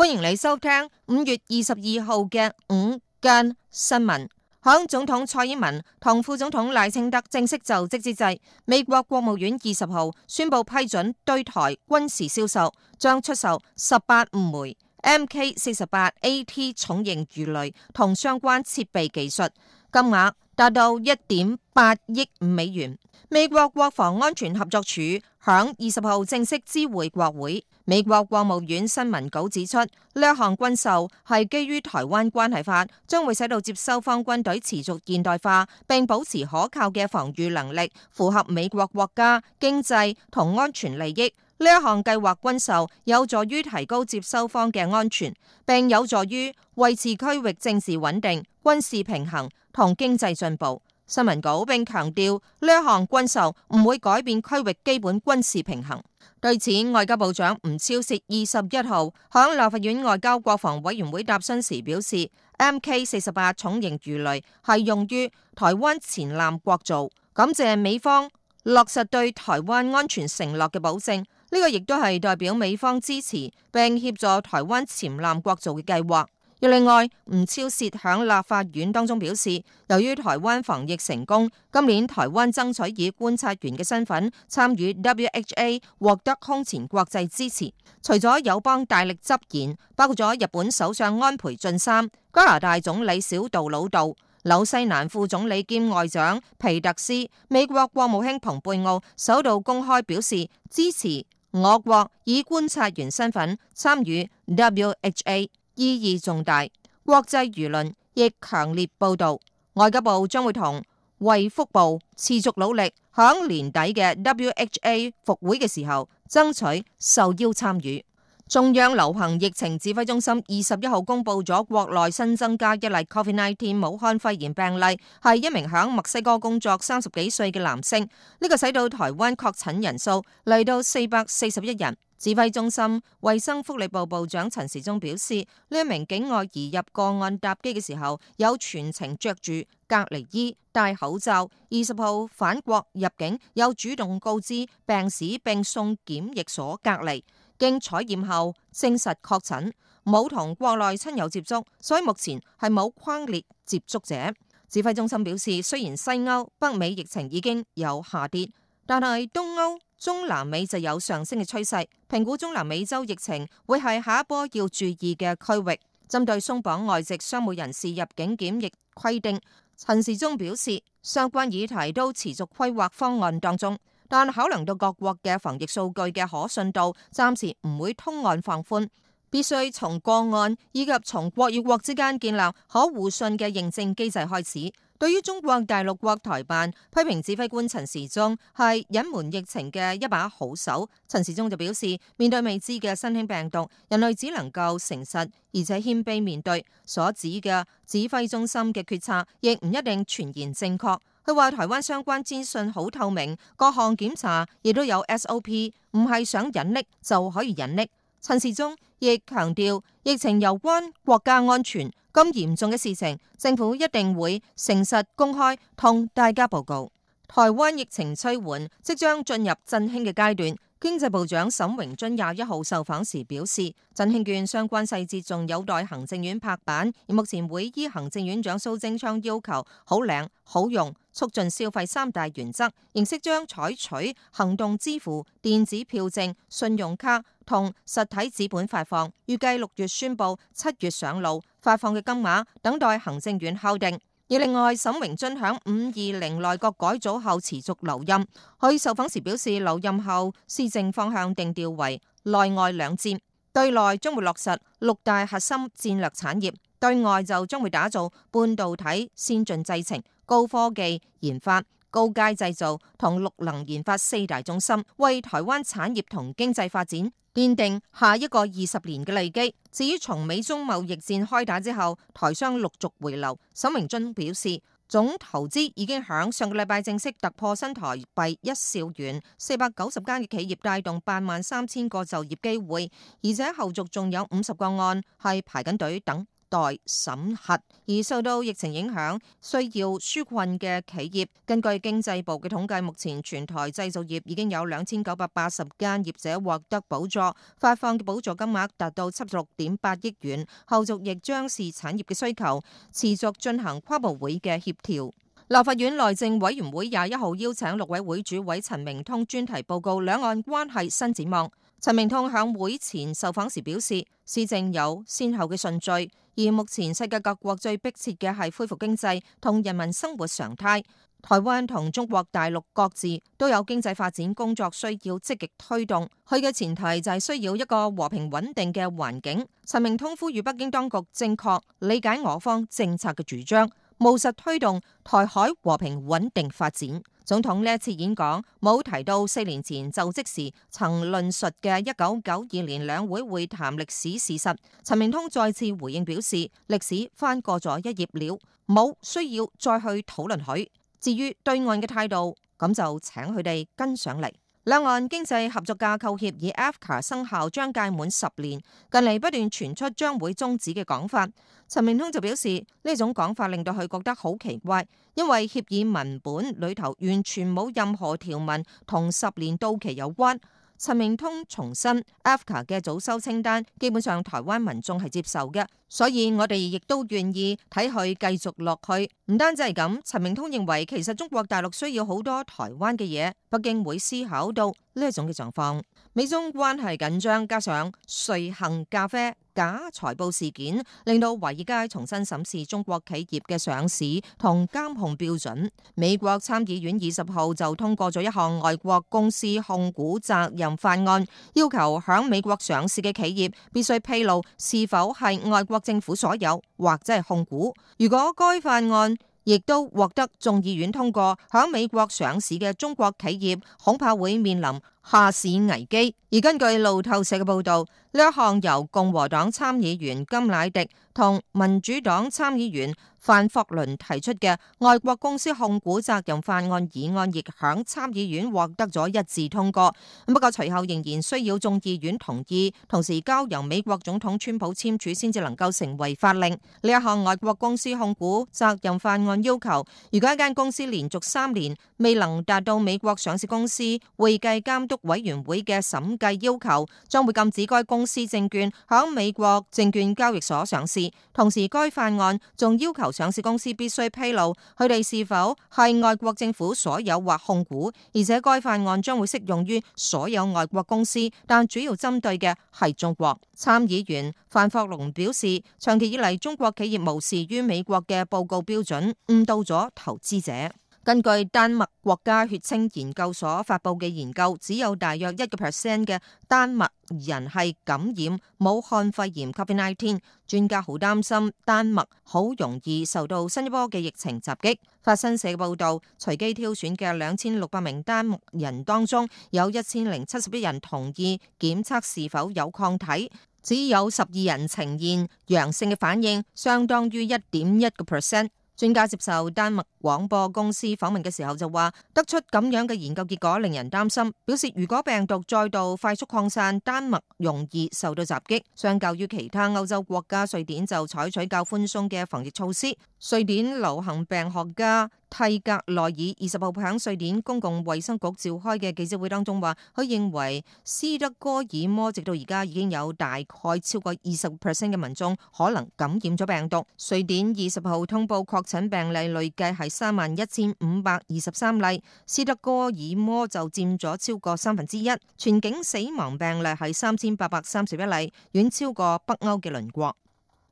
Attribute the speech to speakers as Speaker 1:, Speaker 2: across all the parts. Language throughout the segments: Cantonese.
Speaker 1: 歡迎你收聽五月二十二號嘅午間新聞。響總統蔡英文同副總統賴清德正式就職之際，美國國務院二十號宣布批准對台軍事銷售，將出售十八五枚 M K 四十八 A T 重型魚雷同相關設備技術，金額，達到一點八億五美元。美國國防安全合作署響二十號正式知會國會。美國國務院新聞稿指出，呢一項軍售係基於台灣關係法，將會使到接收方軍隊持續現代化，並保持可靠嘅防御能力，符合美國國家經濟同安全利益。呢一項計劃軍售有助於提高接收方嘅安全，並有助於維持區域政治穩定、軍事平衡。同經濟進步。新聞稿並強調，呢一項軍售唔會改變區域基本軍事平衡。對此，外交部長吳釗燮二十一號響立法院外交國防委員會答詢時表示，MK 四十八重型魚雷係用於台灣潛艦國造，感謝美方落實對台灣安全承諾嘅保證。呢個亦都係代表美方支持並協助台灣潛艦國造嘅計劃。另外，吳釗燮響立法院當中表示，由於台灣防疫成功，今年台灣爭取以觀察員嘅身份參與 WHA，獲得空前國際支持。除咗友邦大力執言，包括咗日本首相安倍晉三、加拿大總理小杜魯道、紐西蘭副總理兼外長皮特斯、美國國務卿蓬佩奧首度公開表示支持，我國以觀察員身份參與 WHA。意義重大，國際輿論亦強烈報道，外交部將會同衞福部持續努力，響年底嘅 WHA 復會嘅時候爭取受邀參與。中央流行疫情指揮中心二十一號公布咗國內新增加一例 COVID-19 武漢肺炎病例，係一名響墨西哥工作三十幾歲嘅男性。呢、呢個使到台灣確診人數嚟到四百四十一人。指揮中心衛生福利部部長陳時中表示，呢一名境外移入個案搭機嘅時候，有全程着住隔離衣、戴口罩。二十號返國入境，有主動告知病史，並送檢疫所隔離。經採驗後證實確診，冇同國內親友接觸，所以目前係冇匡列接觸者。指揮中心表示，雖然西歐、北美疫情已經有下跌，但係東歐、中南美就有上升嘅趨勢。評估中南美洲疫情會係下一波要注意嘅區域。針對鬆綁外籍商務人士入境檢疫規定，陳時中表示，相關議題都持續規劃方案當中。但考量到各國嘅防疫數據嘅可信度，暫時唔會通案放寬，必須從個案以及從國與國之間建立可互信嘅認證機制開始。對於中國大陸國台辦批評指揮官陳時中係隱瞞疫情嘅一把好手，陳時中就表示：面對未知嘅新興病毒，人類只能夠誠實而且謙卑面對。所指嘅指揮中心嘅決策亦唔一定全然正確。佢話台灣相關資訊好透明，各項檢查亦都有 SOP，唔係想隱匿就可以隱匿。陳市中亦強調，疫情有關國家安全咁嚴重嘅事情，政府一定會誠實公開同大家報告。台灣疫情趨緩，即將進入振興嘅階段。經濟部長沈榮津廿一號受訪時表示，振興券相關細節仲有待行政院拍板，而目前會依行政院長蘇貞昌要求，好靚好用。促進消費三大原則，形式將採取行動支付、電子票證、信用卡同實體紙本發放。預計六月宣布，七月上路，發放嘅金額等待行政院敲定。而另外，沈榮津響五二零內閣改組後持續留任，佢受訪時表示，留任後施政方向定調為內外兩戰，對內將會落實六大核心戰略產業，對外就將會打造半導體先進製程。高科技研發、高階製造同綠能研發四大中心，為台灣產業同經濟發展奠定下一個二十年嘅利基。至於從美中貿易戰開打之後，台商陸續回流，沈明津表示，總投資已經響上個禮拜正式突破新台幣一兆元，四百九十間嘅企業帶動八萬三千個就業機會，而且後續仲有五十個案係排緊隊等。待審核，而受到疫情影響需要紓困嘅企業，根據經濟部嘅統計，目前全台製造業已經有兩千九百八十間業者獲得補助，發放嘅補助金額達到七十六點八億元，後續亦將視產業嘅需求持續進行跨部會嘅協調。立法院內政委員會廿一號邀請陸委會主委陳明通專題報告兩岸關係新展望。陳明通喺會前受訪時表示，施政有先後嘅順序，而目前世界各國最迫切嘅係恢復經濟同人民生活常態。台灣同中國大陸各自都有經濟發展工作需要積極推動，佢嘅前提就係需要一個和平穩定嘅環境。陳明通呼籲北京當局正確理解我方政策嘅主張，務實推動台海和平穩定發展。總統呢次演講冇提到四年前就職時曾論述嘅一九九二年兩會會談歷史事實。陳明通再次回應表示，歷史翻過咗一頁了，冇需要再去討論佢。至於對岸嘅態度，咁就請佢哋跟上嚟。兩岸經濟合作架構協議 （ECFA） 生效將屆滿十年，近嚟不斷傳出將會終止嘅講法。陳明通就表示，呢種講法令到佢覺得好奇怪，因為協議文本裏頭完全冇任何條文同十年到期有關。陳明通重申，ECFA 嘅早收清單基本上台灣民眾係接受嘅，所以我哋亦都願意睇佢繼續落去。唔單止係咁，陳明通認為，其實中國大陸需要好多台灣嘅嘢，北京會思考到呢一種嘅狀況。美中關係緊張，加上瑞幸咖啡假財報事件，令到華爾街重新審視中國企業嘅上市同監控標準。美國參議院二十號就通過咗一項外國公司控股責任法案，要求響美國上市嘅企業必須披露是否係外國政府所有或者係控股。如果該法案亦都獲得眾議院通過，響美國上市嘅中國企業恐怕會面臨下市危機。而根據路透社嘅報導，呢一項由共和黨參議員金乃迪同民主黨參議員范霍倫提出嘅《外國公司控股責任法案》議案，亦喺參議院獲得咗一致通過。咁不過，隨後仍然需要眾議院同意，同時交由美國總統川普簽署先至能夠成為法令。呢一項外國公司控股責任法案要求，如果一間公司連續三年未能達到美國上市公司會計監督。委員會嘅審計要求將會禁止該公司證券響美國證券交易所上市，同時該法案仲要求上市公司必須披露佢哋是否係外國政府所有或控股，而且該法案將會適用於所有外國公司，但主要針對嘅係中國。參議員范霍龍表示，長期以嚟中國企業無視於美國嘅報告標準，誤導咗投資者。根據丹麥國家血清研究所發佈嘅研究，只有大約一個 percent 嘅丹麥人係感染武漢肺炎 CO。COVID nineteen 專家好擔心丹麥好容易受到新一波嘅疫情襲擊。法新社嘅報道，隨機挑選嘅兩千六百名丹麥人當中，有一千零七十一人同意檢測是否有抗體，只有十二人呈現陽性嘅反應，相當於一點一個 percent。專家接受丹麥。廣播公司訪問嘅時候就話，得出咁樣嘅研究結果令人擔心，表示如果病毒再度快速擴散，丹麥容易受到襲擊。相較於其他歐洲國家，瑞典就採取較寬鬆嘅防疫措施。瑞典流行病學家蒂格內爾二十號喺瑞典公共衛生局召開嘅記者會當中話，佢認為斯德哥爾摩直到而家已經有大概超過二十 percent 嘅民眾可能感染咗病毒。瑞典二十號通報確診病例累計係三萬一千五百二十三例，斯德哥爾摩就佔咗超過三分之一，全境死亡病例係三千八百三十一例，遠超過北歐嘅鄰國。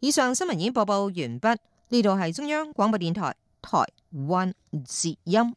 Speaker 1: 以上新聞已經播報完畢，呢度係中央廣播電台，台灣之音。